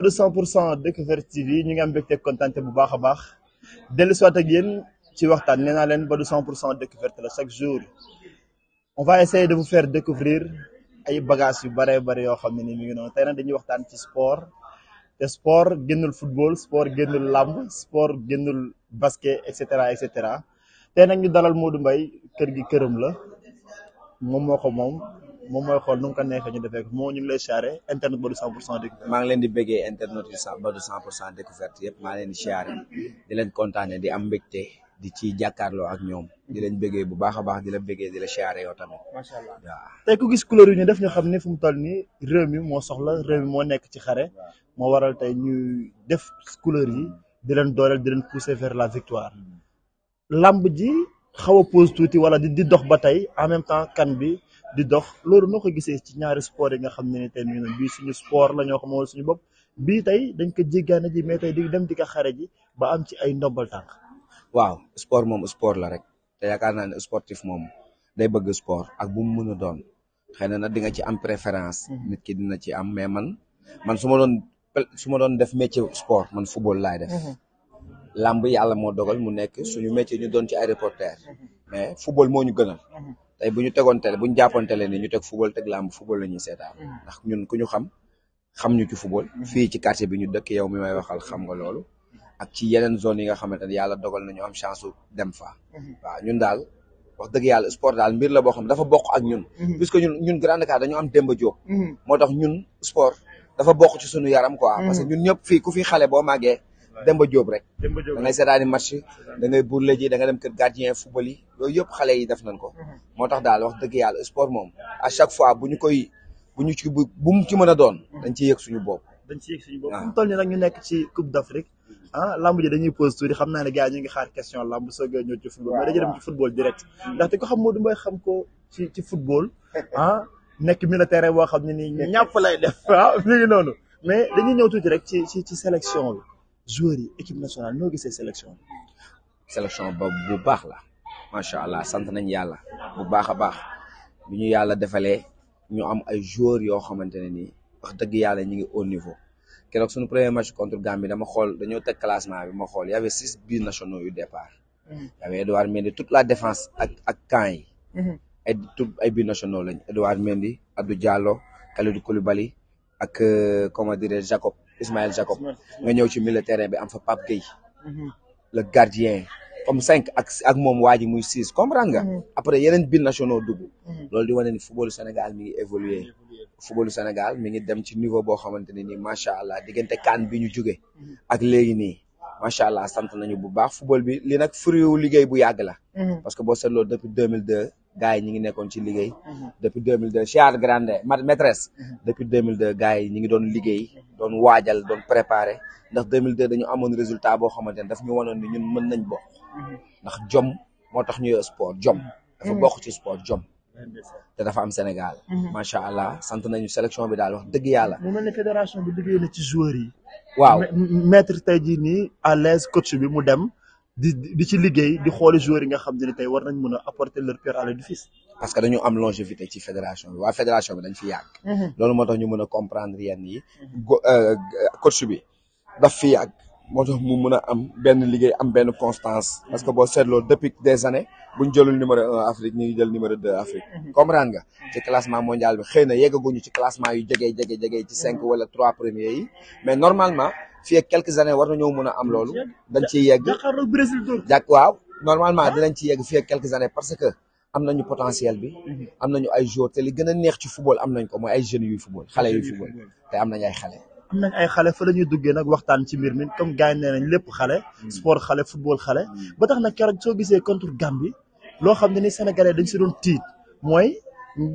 de 100 pour cent Découverte TV ñu ngi am mbégte kontaan bu baax a baax dellu soit a yéen ci waxtaan nee naa leen ba de 100 pour cent Découverte la chaque jour on va essayer de vous faire découvrir ay bagages yu bare bare yoo xam ne ni mi ngi noonu tey nag dañuy waxtaan ci sport te sport génnul football sport génnul làmm sport génnul basket et cetera et cetera tey nag ñu dalal Modou mbay kër gi këram la moom moo ko moom. moom mooy xool nu mu ko neexee ñu defee moo ñu ngi lay siyaare internet Badou 100 maa leen di bëggee internet yu Badou 100 pour yëpp maa leen di siyaare di leen kontaane di am mbégte di ci jàkkaarloo ak ñoom di leen bëggee bu baax a baax di la bëggee di la siyaare yow tamit. macha allah waaw tey ku gis couleur yu ñu def ñu xam ni fu mu toll nii réew mi moo soxla réew mi moo nekk ci xare moo waral tey ñuy def couleur yi di leen dooleel di leen pousser vers la victoire mm. lamb ji xaw a pause tuuti wala di di dox ba tey en même temps kan bi. di dox loolu noo ko gisee ci ñaari sport yi nga xam ne ni tey ñu bii suñu sport la ñoo ko moom suñu bopp bii tey dañ ko jéggaane ji mais tey di dem di ko xare ji ba am ci ay ndombal tànk waaw sport moom sport la rek te yaakaar naa ne sportif moom day bëgg sport ak bu mu mën doon xëy na nag di nga ci am préférence mhm. nit dina ci am mais man man su ma doon su ma doon def métier sport man football laay def mhm. làmb yàlla moo dogal mu nekk suñu métier ñu doon ci ay reporter mhm. mais football moo ñu gënal tey bu ñu tegoon télé bu ñu jàppoon télé ni ñu teg football teg làmb football la ñuy seetaan hmm. ndax ñun ku ñu xam xam ñu ci football hmm. fii ci quartier bi ñu dëkk yow mi may waxal xam nga loolu ak ci yeneen zone yi nga xamante ne yàlla dogal nañu am chance u dem fa hmm. waaw ñun daal wax dëgg yàlla sport daal mbir la boo xam dafa bokk ak ñun puisque ñun ñun grande cas dañu am Demba Diop moo tax ñun sport dafa bokk ci sunu yaram quoi parce que ñun ñëpp fii ku fi xale boo màggee Demba Diop rek da ngay seetaani match da ngay burle ji da nga dem kër gardien football yi yooyu yëpp xale yi def nañ ko mhm. moo tax daal wax dëgg yàlla sport moom à chaque fois bu ñu koy bu ñu ci bu mu ci mën a doon mhm. dañ ciy yëg suñu bopp dañ ciy yëg suñu bopp ah. fu ñu nekk ci ah, lamb ji dañuy pose tuuti xam naa ne gars ñu ngi xaar question lamb soogee ñëw ci football ci football xam Modou Mbaye xam ko ci ci football ah nekk militaire boo xam ne nii ñàpp lay def ah mi ngi noonu mais dañuy ñëw tuuti rek ci ci ci sélection bi joueurs yi équipe nationale ñoo gisee sélection sélection ba bu baax la macha allah sant nañ yàlla bu baax a baax bu ñu yàlla defalee ñu am ay joueurs yoo xamante ne nii wax dëgg yàlla ñu ngi au niveau keroog suñu premier match contre Gambie dama xool dañoo teg classement bi ma xool y avait six biir nationaux yu départ mhm. y avait Edouard Mendy la défense ak ak camp yi mhm. ay tout ay biir nationaux lañ Edouard Mendy Abdou Diallo Kalidou Koulibaly ak euh, comment dirais Jacob Ismaël Jacob nga ñëw ci milieu terrain bi am fa Pape Gueye mhm. le gardien comme cinq ak ak moom waa ji muy six comprendre nga mhm. après yeneen biir nationaux dugg mhm. loolu di wane ni footballu Sénégal mi ngi évoluer footballu Sénégal mi ngi dem ci niveau boo xamante ne nii macha allah diggante kaan bi ñu jóge ak léegi nii macha allah sant nañu bu baax football bi li nag fruit liggéey bu yàgg la parce que boo seetloo depuis gars yi ñi ngi nekkoon ci liggéey mhm. depuis deux mille deux Chiar grande maîtresse mhm. depuis deux mille deux gars yi ñi ngi doon liggéey doon waajal doon préparé ndax deux mille deux dañu amoon résultat boo xamante ne daf ñu wanoon ni ñun mën nañ bokk mhm. ndax jom moo tax ñuy sport jom dafa bokk ci sport jom te dafa am Sénégal macha allah sant nañu sélection bi daal wax dëgg yàlla mu mel ne fédération bi liggéey na ci joueurs yi waaw maître tey jii nii à l'aise coach bi mu dem di di ci di xooli joueurs yi nga xam ne tey war nañ mën a apporter pierre à l'édifice parce que dañu am longévité ci fédération bi waa fédération bi dañ fi yàgg mhm. loolu moo tax ñu mën a comprendre yenn yi mhm. euh, coach bi daf fi yàgg moo tax mu mën a am benn liggéey am benn constance parce que boo seetloo depuis des années bu ñu jëlul numéro un Afrique ñu ngi jël numéro deux Afrique mhm. comprendre nga ci classement mondial bi xëy na yeggaguñu ci classement yu jege jege jege ci cinq mhm. wala trois premiers yi mais normalement fii ak quelques années war nañoo mën a am loolu dañ ciy yegg jàk waaw normalement dinañ ci yegg fii ak quelques années parce que am nañu potentiel bi mhm. am nañu ay joueurs li gën a neex ci football am nañ ko mooy ay jeunes yuy football xale yuy football te am nañ am ay xale fa la ñuy duggee nag waxtaan ci mbir mi comme gars yi nee nañ lépp xale. Hmm. sport xale football xale. Hmm. ba tax na keroog soo gisee contre Gambie loo xam ne ni sénégalais dañ si doon tiit mooy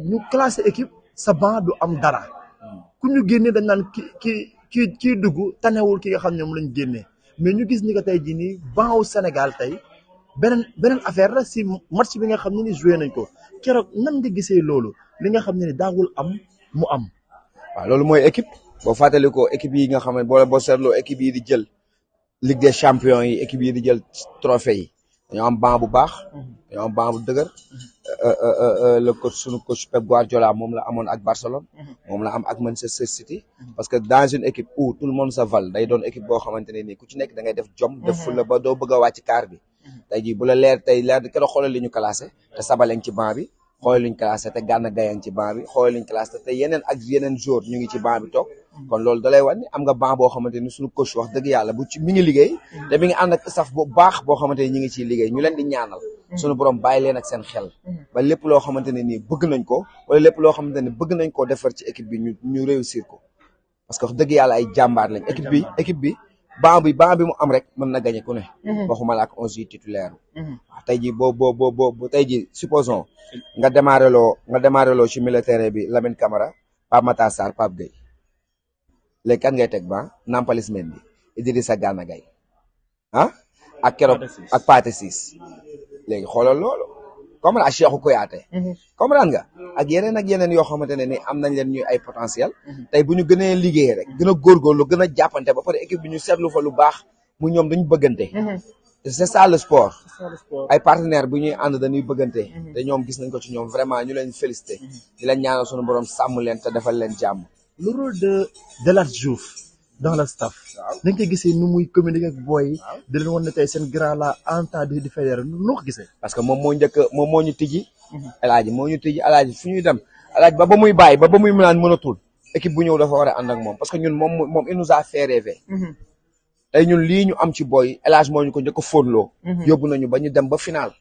ñu classé équipe sa bans du am dara hmm. ku ñu génne dañ naan ki ki ki kii dugg tanewul ki nga xam ne moom lañ génnee mais ñu gis ni que tey jii nii banc wu Sénégal tey. beneen beneen affaire la si match bi nga xam ne ni joué nañ ko keroog nan nga gisee loolu li nga xam ne ni daawul am mu am. waaw loolu mooy équipe. boo fàttalikoo équipe yi nga xam ne boo boo seetloo équipe yi di jël Ligue des champions yi équipe yi di jël trophée yi dañoo am banc bu baax. dañoo am banc bu dëggër euh, euh, euh, le coach sunu coach Pep Guardiola moom la amoon ak Barcelone. moom la am ak Manchester City. parce que dans une équipe où tout le monde se vale day doon équipe boo xamante ne nii ku ci nekk dangay ngay def jom. def fulla ba doo bëgg a wàcc kaar bi. tey jii bu la leer tey leer na keroog xoolal li ñu te sabaleñ ci banc bi xoolal li ñu classé te gànn ci banc bi xoolal li ñu yeneen ak yeneen joueurs ñu ngi ci banc bi toog. kon loolu dalay wan am nga banc boo xamante ni suñu coach wax dëgg yàlla bu ci mi ngi liggéey te mi ngi ànd ak staff bu baax boo xamante ni ñi ngi ciy liggéey ñu leen di ñaanal suñu borom bàyyi leen ak seen xel ba lépp loo xamante ne nii bëgg nañ ko wala lépp loo xamante ne bëgg nañ koo defar ci équipe bi ñu ñu réussir ko parce que dëgg yàlla ay jàmbaar lañ équipe bi équipe bi banc bi banc bi mu am rek mën na gañe ku ne mhm. waxuma la ak onze yi titulaire mhm. waaw tey ji boo boo boo boo tey ji supposons nga démarré loo nga démarré loo ci terrain bi Lamine Camara Pape Matar Sarr Pape léegi kan ngay teg ban Nampalys di sa Gana Gueye ah ak keroog ak Pathé Ciss léegi xoolal loolu comme à Cheikhou Kouyaté mhm. comprendre nga ak yeneen ak yeneen yoo xamante ne ni am nañ leen ñuy ay potentiel mhm. tey bu ñu gënee liggéeyee rek mhm. gën a góorgóorlu gën a jàppante ba pare équipe bi ñu seetlu fa lu baax mu ñoom dañu bëggante c'est ça le sport ay partenaire bu ñuy ànd dañuy bëggante te ñoom gis nañ ko ci ñoom vraiment ñu leen félicité di leen ñaanal suñu borom leen te defal leen jàmm le rôle de de Lat Diouf dans le staff. waaw gisee nu muy communiquer ak booy yi. waaw di leen wan seen grand la en temps de fédéral noo gisee. parce que moom moo njëkk moom moo ñu tijji. Mhm. alaaji moo ñu tijji alaaji fu ñuy dem alaaji ba ba muy bàyyi ba ba muy mënaan mënatul équipe bu ñëw dafa war ànd ak moom parce que ñun moom moom il mhm. tey ñun lii ñu am ci booy yi alaaji moo ñu ko njëkk a fóonloo. Mhm. nañu ba ñu dem ba final.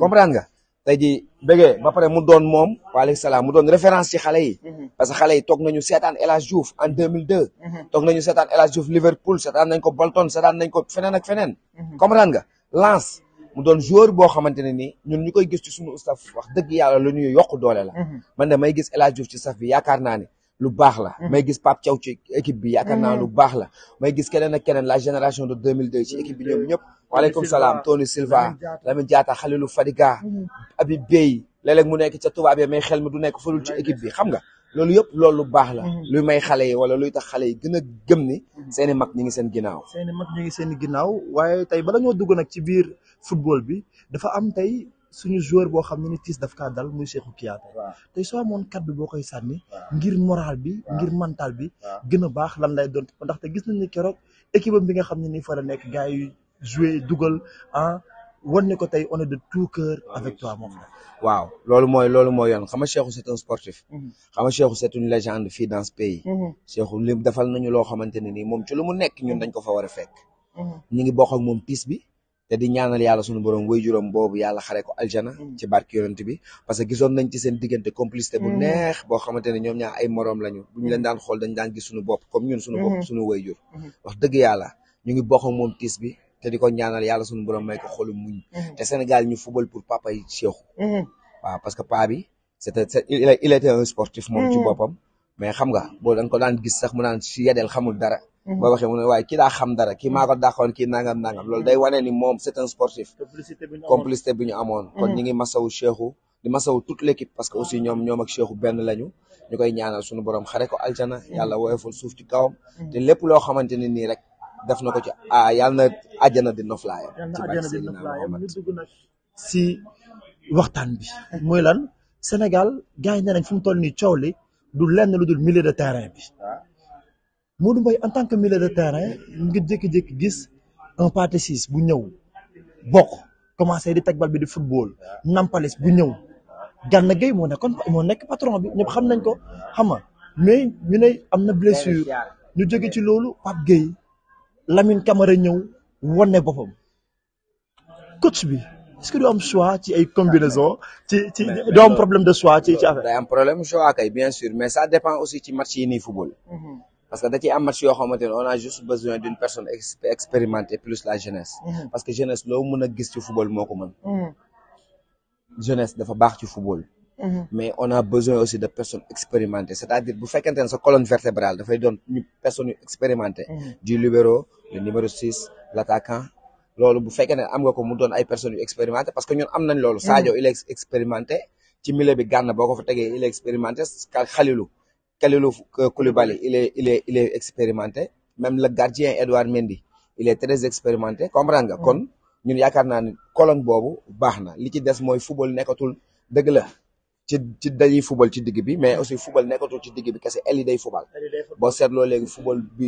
comprendre nga. tey ji bëggee ba pare mu doon moom waaleykum salaam mu doon référence ci xale yi mhm. parce que xale yi toog nañu seetaan El Hadj Diouf en 2002 mhm. toog nañu seetaan El Hadj Diouf Liverpool seetaan nañ ko Bolton seetaan nañ ko feneen ak feneen mhm. comprendre nga Lens mu doon joueur boo xamante ne ni ñun ñu koy gis ci suñu staff wax dëgg yàlla lu ñuy yokk doole la man de may gis El Hadj Diouf ci staff bi yaakaar naa ni lu baax la mm-hmm. may gis Pape Thiaw ci équipe bi yaakaar naa mm-hmm. lu baax la may gis keneen ak keneen la génération de 2002 ci équipe bi ñoom ñëpp waaleykum salaam Tony Silva Lamine Diatta Khalilou Fadiga mm-hmm. Habib Beye léeg mu nekk ca tubaab ya may xel mi du nekk fadul ci équipe bi xam nga loolu yëpp loolu lu baax la luy may xale yi wala luy tax xale yi gën a gëm ni seeni mag ñi ngi seen ginnaaw seeni mag ñi ngi seen ginnaaw waaye tey bala ñoo dugg nag ci biir football bi dafa am tey suñu joueur boo xam ne ni tiis daf kaa dal muy Cheikhou Kouyaté te soo amoon kaddu boo koy sànni ngir moraal bi ngir mantaal bi gën a baax lan lay doon te gis nañ ni keroog équipe bi nga xam ne nii fa la nekk gars yi dugal ah, wan ne ko tey on de tout cœur ah, avec moom waaw loolu mooy loolu mooy yoon xam nga set c'est un sportif mhm. xam nga Cheikhou c'est une légende fii dans ce pays mhm. Cheikhou li defal nañu loo xamante ne nii moom ci lu mu nekk ñun dañ ko fa war a fekk mhm. ñu ngi bokk ak moom tiis bi te di ñaanal yàlla sunu borom way juróom boobu yàlla xare ko aljana mm. ci barke yonent bi parce que gisoon nañ ci seen diggante complicité bu mm. neex boo xamante ne ñoom ñaar ay moroom lañu bu ñu leen mm. daan xool dañ daan gis suñu bopp comme ñun suñu bopp mm-hmm. suñu way mm-hmm. wax dëgg yàlla ñu ngi bokk ak moom tiis bi te di ko ñaanal yàlla sunu borom may ko xolu muñ mm-hmm. te Sénégal ñu football pour papa yi Cheikhou parce que paa bi c'était il était un sportif moom ci boppam mais xam nga boo dañ ko daan gis sax mu naan si xamul dara Mhm. boo waxee mu ne waaye kii daa xam dara kii mhm. maa ko dàqoon kii nangam nangam loolu day wane ni moom c'est un sportif complicité bi ñu amoon kon mhm. ñi ngi masawu Cheikhou di masawu toute l'équipe parce que aussi ñoom ñoom ak Cheikhou benn lañu ñu koy ñaanal suñu borom xare ko aljana yàlla woyofal suuf ci kawam te lépp loo xamante ne nii rek def na ko ci ah yàlla na àjjana di noflaayam ci bàyyi si waxtaan bi mooy lan Sénégal gars yi ne mu toll nii coow li du lenn lu dul milieu de terrain bi ah. Modou Mbaye en tant que milieu de terrain ngi jékki-jékki gis un Pathé bu ñëw bok commencé di teg bal bi di football Nampalys bu ñëw Gana Gueye moo nekkoon moo nekk patron bi ñëpp xam nañ ko xam nga mais ñu ne am na blessure ñu jóge ci loolu Pape Gueye Lamine Camara ñëw wane boppam coach bi est-ce que du am choix ci ay combinaison ci ci du am problème de choix ci ci problème choix kay bien sûr mais ça dépend aussi ci match yi nii football. Mm-hmm. parce que da ciy am match yoo xamante ne on a juste besoin d'une personne expérimentée mhm. que jeunesse loo gis ci football moo ko mhm. dafa baax ci football. Mhm. mais on a besoin aussi de personnes expérimentées c'est-à-dire bu fekkente ne sa colonne vertébrale dafay doon ñu personnes yu expérimentées. du libéro le numéro six l'attaquant loolu bu fekkee ne am nga ko mu doon ay personnes yu expérimentées parce que ñun am na loolu. Sadio il est expérimenté ci milieu bi gànn boo ko fa tegee il est expérimenté Khalilou Kalilou Koulibaly, il est, il e il est expérimenté. Même le gardien Edouard Mendy, il est très expérimenté. Comprends nga kon ñun yaakaar naa ne colonne boobu baax na li ci des mooy football nekkatul dëgg la ci ci dañuy football ci digg bi mais aussi football nekkatul ci digg bi kese aile yi day football. boo seetloo léegi football bi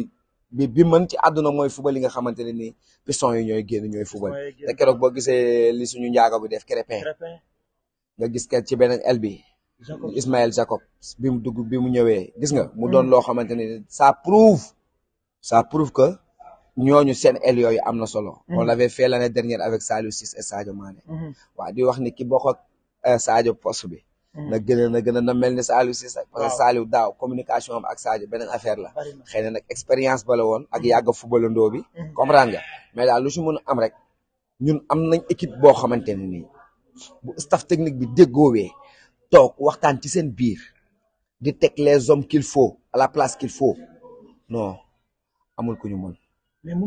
bi bi mën ci àdduna mooy football yi nga xamante ne nii piston yi ñooy génn ñooy football. te keroog boo gisee li suñu njaago bi def Crépin. nga gis kat ci beneen aile bi. Ismaël Jacob bi mu dugg bi mu ñëwee gis nga mu doon mm. loo xamante ni ça prouve ça prouve que ñooñu seen aile yooyu am na solo mm. on l'avait fait l'année dernière avec Saliou Ciss et Sadio Mané mm-hmm. waaw di wax ni ki bokk ak euh, Sadio poste bi mm. na gën a gën a na mel ni Saliou Ciss daaw communication ak Sadio beneen affaire la xëy na nag expérience ba la woon ak yàgg footballandoo bi comprendre nga mais daal lu si mën am rek ñun am nañ équipe boo xamante ne nii bu staff technique bi déggoowee toog waxtaan ci seen biir di teg les hommes qu'il faut à la place qu'il faut non amul ku ñu moon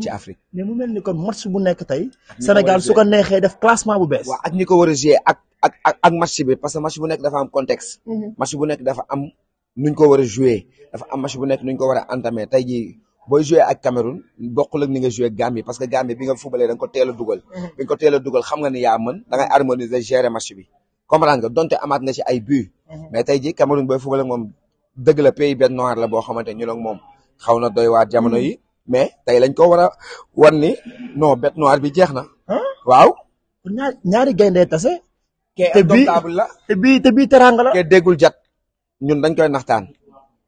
ci Afrique mais mu mel ni kon match bu nekk tey senegal su ko neexee def classement bu bees waaw ak ñi ko war a jouer ak ak ak ak match bi parce que match bu nekk dafa am contexte mhm. match bu nekk dafa am nuñ ko war a jouer dafa am match bu nekk nuñ ko war a entamer tey jii booy joué ak Cameroun bokkul ak ni nga joué Gambie parce que Gambie bi nga fubalee da nga ko teel a dugal mhm. bi nga ko teel dugal xam nga ni yaa bi comprendre nga donte amaat na si ay but mhm. mais tey ji Cameroun booy football ak moom dëgg la pays benn noir la boo xamante ñu ak moom xaw na doy waar jamono mhm. yi mais tey lañ ko war a wan ni non bête noire bi jeex na. waaw. ñaar ñaari gayndee tase. te bii te bii te bii teranga la. te déggul jat ñun dañ koy naxtaan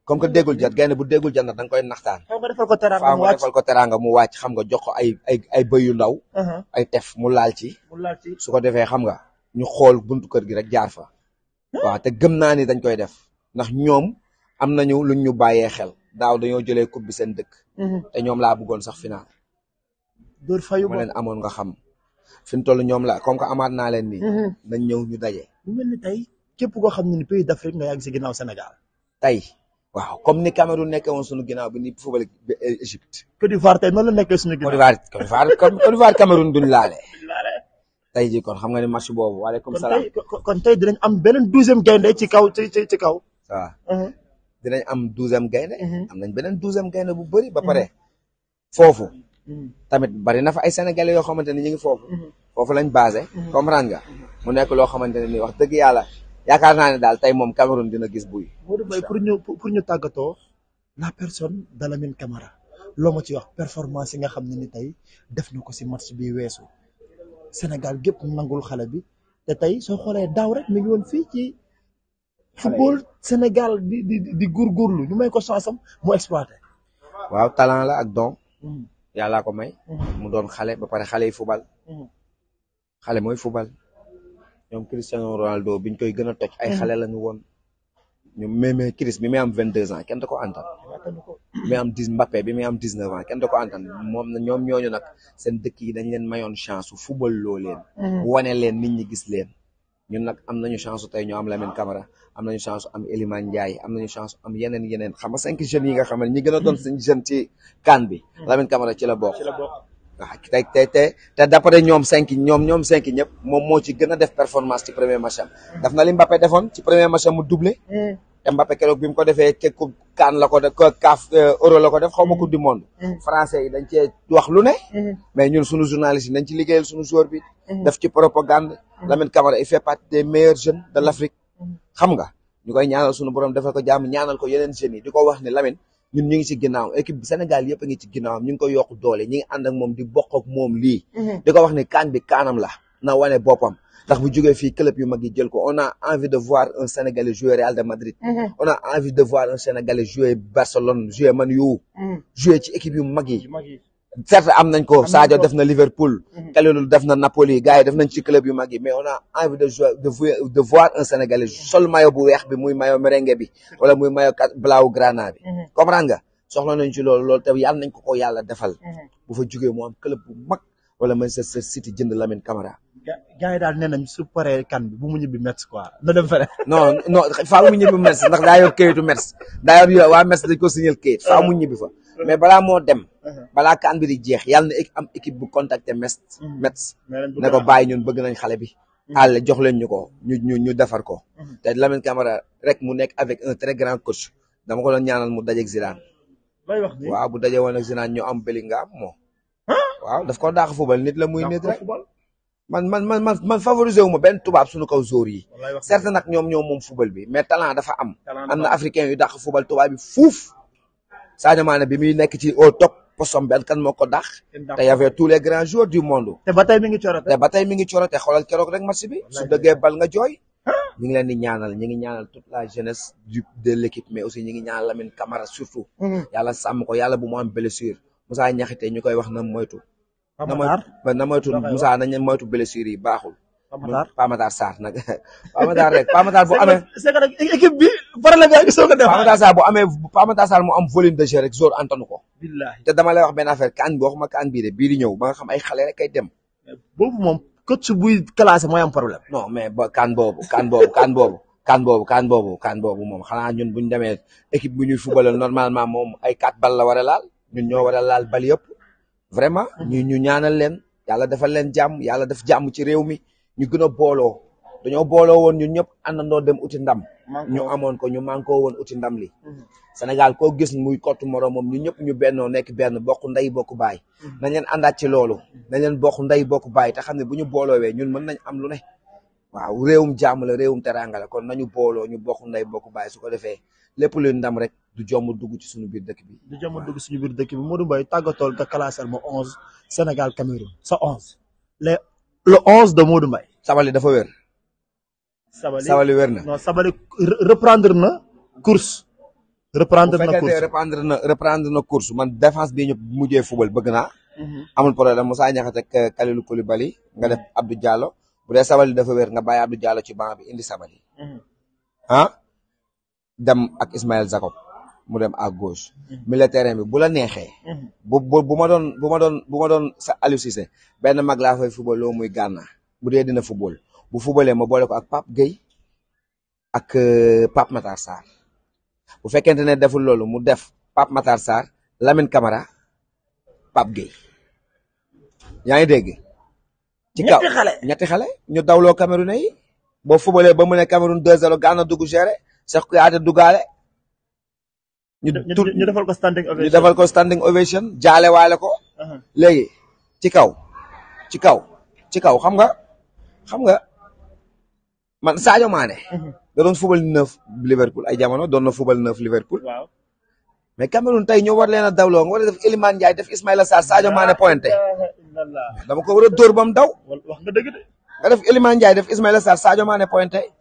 comme que déggul jat gaynde bu déggul jat nag dañ koy naxtaan. faaw nga defal ko teranga mu wàcc xam nga jox ko ay ay ay yu ndaw. Uh-huh. ay tef mu laal ci. mu su ko defee xam nga. ñu xool buntu kër gi rek jaar fa waaw te gëm naa ni dañ koy def ndax ñoom am nañu luñ ñu bàyyee xel daaw dañoo jëlee coupe bi seen dëkk mm-hmm. te ñoom laa bëggoon sax final dóor fayu ma leen amoon nga xam fi mu ñoom laa comme que amaat naa leen nii mm-hmm. nañ ñëw ñu dajee mu mel ni tey képp koo xam ne ni pays d'Afrique nga yàgg si ginnaaw Sénégal tey waaw comme ni Cameroun nekkee woon suñu ginnaaw bi ni football bi Égypte Côte d'Ivoire tey noonu la nekkee suñu ginnaaw Côte d'Ivoire tey jii kon xam nga ne match boobu waaleykum salaam kon tey dinañ am beneen douzième gaynde ci kaw ci ci ci kaw. waaw uh-huh. dinañ am douzième gaynde. Uh-huh. am nañ beneen douzième gaynde bu bëri ba uh-huh. pare. foofu. tamit bari na fa ay sénégalais yoo xamante ne ñu ngi foofu. foofu lañ basé. comprendre nga mu nekk loo xamante ne ni wax dëgg yàlla yaakaar naa ne daal tey moom Cameroun dina gis buy. Modou pour ñu tàggatoo la personne de Lamine Camara loo ma ci wax performance yi nga xam ne ni tey def na ko si match bi weesu. Sénégal gépp nangul xale bi te tey soo xoolee daaw rek mi ngi woon fii ci football Sénégal di di di góorgóorlu ñu may ko chance am mu exploité. waaw talent la ak don mm. yàllaa ko may. Mm. mu doon xale ba pare xale yi fubal. Mm. xale mooy fubal. ñoom Cristiano Ronaldo biñ koy gën a toj. ay xale lañu woon. ñu mémé Chris bi muy am vingt deux ans kenn da ko antan mi am dix Mbappé bi muy am dix neuf ans kenn da ko antan moom na ñoom ñooñu nag seen dëkk yi dañ leen mayoon chance su football loo leen mm-hmm. wane leen nit ñi gis leen ñun nag am nañu chance tey ñu am Lamine Camara am nañu chance am Elimane Ndiaye am nañu chance am yeneen yeneen xam nga cinq jeunes yi nga xam ne ñi gën a doon seen jeune ci CAN bi mm-hmm. Lamine Camara ci la bokk waaw te te te te d'après ñoom cinq ñoom ñoom cinq ñëpp moom moo ci gën a def performance ci premier match am daf na li Mbappé defoon ci premier match mu doublé mm. te Mbappé keroog bi mu ko defee ke coupe CAN la ko def CAF euh, euro la ko def xaw ma coupe du monde mm. français yi dañ cee wax lu ne mm. mais ñun suñu journaliste yi dañ ci liggéeyal suñu joueur bi def ci propagande Lamine Camara il fait partie des meilleurs jeunes de l'Afrique xam nga ñu koy ñaanal suñu borom defal ñun ñu ngi ci ginnaaw équipe Sénégal yëpp ngi ci ginnaawam ñu ko yokk doole ñu ngi ànd ak moom di bokk ak moom lii mhm. ko wax ne kaan bi kaanam la na wane boppam ndax bu jógee fii club yu mag yi jël ko on a envie de voir un Sénégalais jouer Real de Madrid mhm. on a envie de voir un Sénégalais jouer Barcelone jouer Man U mhm. jouer ci équipe yu mag yi certes am nañ ko Sadio def na Liverpool. Mhm. Kalilou def na Napoli gars yi def nañ ci club yu mag yi mais on a envie de jouer de de voir un Sénégalais mhm. sol maillot bu weex bi muy maillot merengue bi mhm. wala muy maillot blaugrana bi. comprendre nga soxla nañ ci lool loolu te yàlla nañ ko ko yalla defal. bu fa jugee mu am club bu mag wala Manchester City jënd Lamine Camara. gars yi daal nee nañ su paree kan bu mu ñibbi Metz quoi na dem fële. non non faaw mu ñibbi Metz ndax daa yor këyitu Metz daa yor ko mu ñibbi fa. mais balaa moo dem. balaa kaan bi di jeex yàlla na am équipe bu contacté Metz. Mhm. Metz ne ko bàyyi ñun bëgg nañ xale bi. Mhm. àll jox leen ñu ko ñu ñu ñu defar ko. Mhm. te Lamine Camara rek mu nekk avec un très grand coach dama ko doon mu dajeeg Zidane. waaw bu daje woon ak ñu am Bellingham moo waaw daf ko daax fubal nit la muy nit rek. man man man man man favoriser wu ma ben tubaab suñu kaw zoor yi. certes nag ñoom ñoom moom fubal bi mais talent dafa am. am na africain yu dàq fubal tubaab bi fuuf. Sadio Mané bi muy nekk ci au top postom benn kan moo ko dàq. te y tous les grands joueurs du monde. te ba tey ngi corote te ba tey mi ngi corote xoolal keroog rek match nga jooy. ñu ngi leen di ñaanal ñu ngi ñaanal toute la jeunesse du de l' équipe mais aussi ñu ngi ñaanal Lamine Camara surtout. yàlla sàmm ko yàlla bu mu am blessure. Moussa Niakhate ñu koy wax na moytu. na moytu na moytu Moussa nañu moytu blessure yi baaxul. Pamatar Pamatar Sarr nag Pamatar rek Pamatar bu amee. c'est que nag équipe bi problème yaa a def. Pamatar Sarr bu amee Pamatar Sarr mu am volume de jeu rek jour antanu ko. billahi wax benn affaire kan waxuma kan ba nga ay xale kay dem. boobu moom coach buy classé mooy am problème. non mais ba kan boobu kan boobu kan boobu. kan boobu kan boobu kan boobu moom xanaa ñun bu ñu demee équipe bu ñuy footballal normalement moom ay quatre bal la war a laal ñun ñoo a laal bal yëpp. vraiment ñu ñu ñaanal leen defal leen jàmm yàlla def jàmm ci réew mi. ñu gën a booloo dañoo booloo woon ñun ñëpp àndandoo dem uti ndam ñu amoon ko ñu mànkoo woon uti ndam li mhm. Sénégal koo gis muy kott moom ñu ñëpp ñu bennoo nekk benn bokk nday bokk baay mhm. na leen àndaat ci loolu nañ leen bokk ndey bokk baay te xam ne bu ñu booloowee ñun mën nañ am lu ne waaw réewum jàmm la réewum teraanga la kon nañu booloo ñu bokk nday bokk baay su ko defee lépp luy ndam rek du jomb dugg ci suñu biir dëkk bi du jomb dugg suñu biir dëkk bi Modou Mbaye tàggatool nga classal ma onze Sénégal Cameroun sa onze le onze de Modou Mbaye Sabali dafa wér. Sabali Sabali wér na non Sabali reprendre na course. reprendre na course reprendre na reprendre na course man défense bi ñu mujjee football bëgg naa. Mhm. amul problème Moussa Niakhaté ak euh, Kalilou Koulibaly nga def Abdou Diallo bu dee Sabali dafa wér nga bàyyi Abdou Diallo ci banc bi indi Sabali. Mhm. ah dem ak Ismaël Jacob. mu dem à gauche. Mm-hmm. terrain bi bu la neexee. Mm-hmm. bu bu bu ma doon bu doon bu doon sa Aliou Cissé benn mag laa fay football muy Gana bu dee dina football bu footballee ma boole ko ak Pape Gueye ak euh, Pape Matar Sarr bu fekkente ne deful loolu mu def Pape Matar Sarr Lamine Camara Pape Gueye yaa ngi dégg. ci kaw ñetti xale ñetti xale ñu dawloo Cameroun yi boo footballee ba mu ne Cameroun 2-0 Gana dugg géré Cheikh Kouyaté ñu ñu defal ko standing ovation ñu defal ko standing ovation jaale waale ko. Uh-huh. léegi ci kaw ci kaw ci kaw xam nga xam nga man Sadio Mané. Uh-huh. da doon fubal neuf Liverpool ay jamono doon na fubal neuf Liverpool. waaw mais Cameroun tey ñoo war leen a dawloo nga war a def Iliman Ndiaye def Ismaïla Sarr Sadio Mané pointé. dama ko war a dóor ba mu daw. wax nga dëgg de. def Iliman Ndiaye def Ismaïla Sarr Sadio Mané pointé.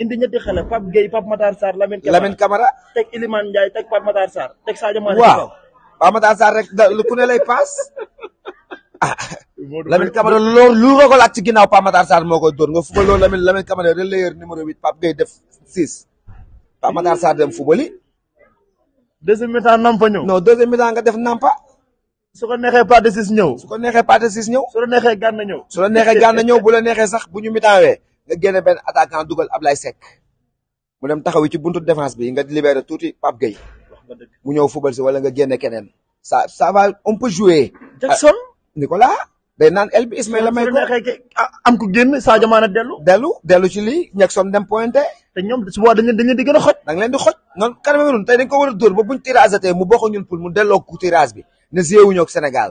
indi ñetti xale Pape Gueye Pape Matar Sarr Lamine Camara Lamine Camara. teg Ilimane Ndiaye teg Pape Matar Sarr teg Sadio Mané. waaw rek da ku ne lay paas. ah Lamine loolu lu nga ko ci ginnaaw Pape Matar Sarr moo koy dóor nga fubal loolu Lamine Lamine Camara relayeur numéro 8 Pape Gueye def 6. Pape Matar Sarr dem fubali. deuxième mi Nampa ñëw. non deuxième mi nga def Nampa. su neexee Pathé Ciss ñëw. su ko neexee Pathé Ciss ñëw. su la neexee Gana ñëw. bu la neexee sax bu ñu mi wee nga génne benn attaquant dugal Ablaye Seck mu dem taxaw ci buntu défense bi nga libéré tuuti Pape Gueye mu ñëw fubal si wala nga génne keneen sa ça va on peut jouer. Jackson ah, Nicolas. day naan el bi Ismaïla may ko ah, am ko génn Sadio Mané dellu. dellu dellu ci lii Jackson dem pointé. te ñoom su boobaa dañ leen dañ leen di gën a xoj. leen di xoj noonu kanam tey dañ ko war a dóor ba buñ tirage tey mu bokk ñun pour mu delloo ku tirage bi ne zéewuñu ak Sénégal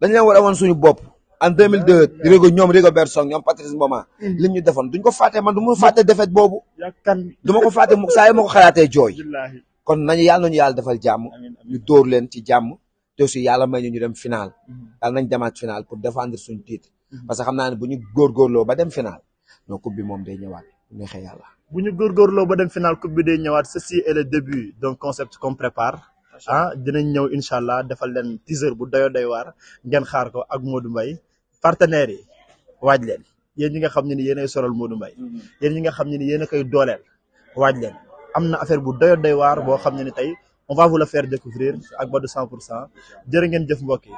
dañ leen war a woon suñu bopp. en 2002 Rigo ñoom Rigo Bersong ñoom Patrice Mboma. Mm. li ñu duñ ko fàtte man du ma fàtte defet boobu. du ma ko fàtte saa yi ma ko xalaatee jooy. kon nañu yàlla nañu yàlla defal jàmm. ñu dóor leen ci jàmm. te aussi yàlla may ñu ñu dem final. Mm-hmm. yàlla nañ demaat final pour défendre suñu titre. Mm-hmm. parce que xam naa ne bu ñu góorgóorloo ba dem final. non coupe bi moom day ñëwaat neexee yàlla. bu ñu góorgóorloo ba dem final coupe bi day ñëwaat ceci est le début ah dinañ ñëw incha allah defal leen teaser bu doyo doy waar ngeen xaar ko ak Modou Mbaye partenaires yi waaj leen yéen ñi nga xam ne ni yéenay solal Modou Mbaye mm-hmm. yéen ñi nga xam ne ni yéen a koy dooleel waaj leen am na affaire bu doyo doy waar boo xam ne ni tey on va vous le ak Badou 100 pour cent jërë ngeen jëf mbokk yi